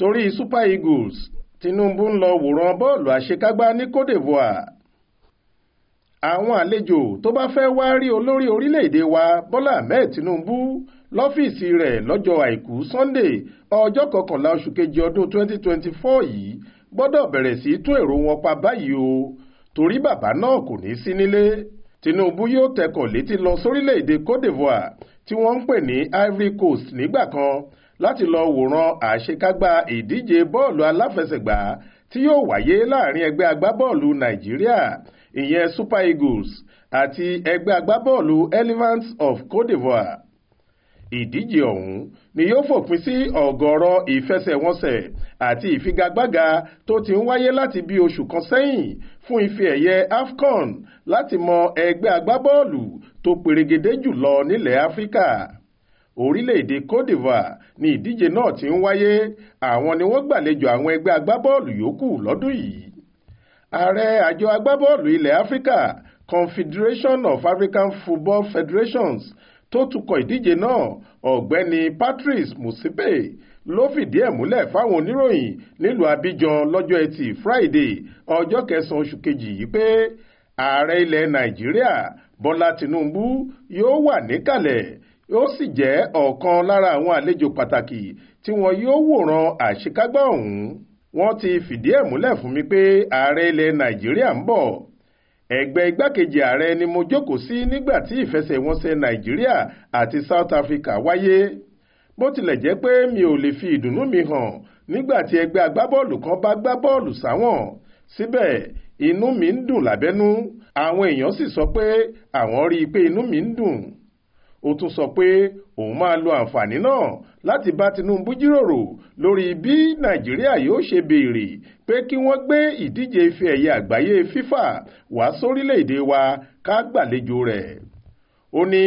torí super eagles tinubu ń lọ wòran bọ́ọ̀lù àṣekágbá ní cote divoire àwọn àlejò tó bá fẹ́ wá rí olórí orílẹ̀-èdè wa bọ́lá ahmed tinubu lọ́fíìsì rẹ̀ lọ́jọ́ àìkú sunday ọjọ́ kọkànlá oṣù kejì ọdún 2024 yìí gbọ́dọ̀ bẹ̀rẹ̀ sí tún èrò wọn pa báyìí o torí bàbá náà kò ní sí nílé tinubu yóò tẹkọ̀ létí lọ sórílẹ̀-èdè cote divoire tí wọ́n ń pè ní ivory coast nígbà kan láti lọ wòran àṣekágbá ìdíje bọ́ọ̀lù aláfẹsẹ̀gbá tí yóò wáyé láàrin ẹgbẹ́ agbábọ́ọ̀lù Nàìjíríà ìyẹn Super Eagles àti ẹgbẹ́ agbábọ́ọ̀lù Elephants of Cote d'Ivoire ìdíje ọ̀hún ni yóò fòpin sí ọ̀gọ̀ọ̀rọ̀ ìfẹsẹ̀wọnsẹ̀ àti ìfigagbága tó ti ń wáyé láti bí oṣù kan sẹ́yìn fún ife ẹ̀yẹ AFCON láti mọ ẹgbẹ́ agbábọ́ọ̀lù tó perégedé jùlọ nílẹ̀ Áfíríkà orílẹ̀-èdè Côte d'Ivoire ni ìdíje náà ti ń wáyé àwọn ni wọ́n gbàlejò àwọn ẹgbẹ́ agbábọ́ọ̀lù yòókù lọ́dún yìí ààrẹ àjọ agbábọ́ọ̀lù ilẹ̀ Áfíríkà Confederation of African Football Federations tó tukọ̀ ìdíje náà ọ̀gbẹ́ni Patrice Musipe ló fìdí ẹ̀ múlẹ̀ fáwọn oníròyìn nílùú Abidjan lọ́jọ́ Ẹtì Friday ọjọ́ kẹsàn-án oṣù kejì yìí pé ààrẹ ilẹ̀ Nàìjíríà Bọ́lá Tinubu yóò wà níkàlẹ̀ ó sì jẹ́ ọ̀kan lára àwọn àlejò pàtàkì tí wọn yóò wòran àṣekágbá ọ̀hún wọ́n ti fìdí ẹ̀ múlẹ̀ fún mi pé ààrẹ ilẹ̀ nàìjíríà ń bọ̀ ẹgbẹ́ igbákejì ààrẹ ni mo jókòó sí nígbà tí ìfẹsẹ̀wọnsẹ̀ nàìjíríà àti south africa wáyé bó tilẹ̀ jẹ́ pé mi ò lè fi ìdùnnú mi hàn nígbà tí ẹgbẹ́ agbábọ́ọ̀lù kan bá gbá bọ́ọ̀lù sáwọn síbẹ̀ inú mi ń dùn lábẹ́nú àwọn èèyàn sì sọ pé àwọn rí i pé inú mi ń dùn ó tún sọ pé òun máa lo àǹfààní náà láti bá Tinubu jíròrò lórí bí Nàìjíríà yóò ṣe béèrè pé kí wọ́n gbé ìdíje ife ẹ̀yẹ àgbáyé FIFA wá sórílẹ̀-èdè wa ká gbàlejò rẹ̀ ó ní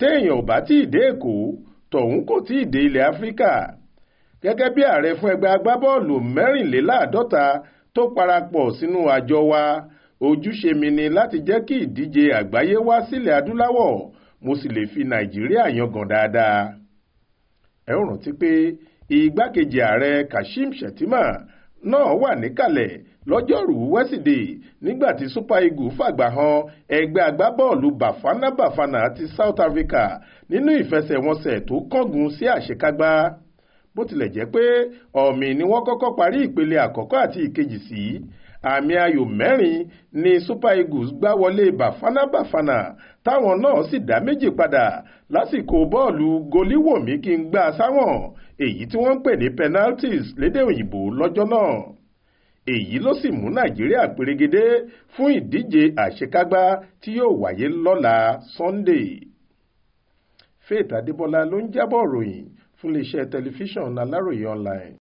téèyàn ò bá tí ì dé Èkó tọ̀hún kò tí ì dé ilẹ̀ Áfíríkà gẹ́gẹ́ bí ààrẹ fún ẹgbẹ́ agbábọ́ọ̀lù mẹ́rìnléláàádọ́ta tó parapọ̀ sínú àjọ wa ojúṣe mi ni láti jẹ́ kí ìdíje àgbáyé wá sílẹ̀ adúláwọ̀ mo sì lè fi nàìjíríà yangàn dáadáa ẹ ó rántí pé igbákejì ààrẹ kashim shettima náà wà níkàlẹ̀ lọ́jọ́rùú wẹ́sídẹ̀ẹ́ nígbà tí super eagles fàgbà han ẹgbẹ́ agbábọ́ọ̀lù bafana bafana ti south africa nínú ìfẹsẹ̀wọnsẹ̀ tó kángun sí àṣekágbá bó tilẹ̀ jẹ́ pé ọ̀mì ni wọ́n kọ́kọ́ parí ìpele àkọ́kọ́ àti ìkejì sí àmì ayò mẹ́rin ni super eagles gbá wọlé bàfánà bàfánà táwọn náà sì dá méjì padà lásìkò bọ́ọ̀lù goliwomi kí n gbá sáwọn èyí tí wọ́n ń pè ní penalties lédè òyìnbó lọ́jọ́ náà èyí ló sì mú nàìjíríà pérégedé fún ìdíje àṣekágbá tí yóò wáyé lọ́la sunday faith adébọlá ló ń jábọ̀ ròyìn fún iléeṣẹ́ tẹlifíṣàn aláròye online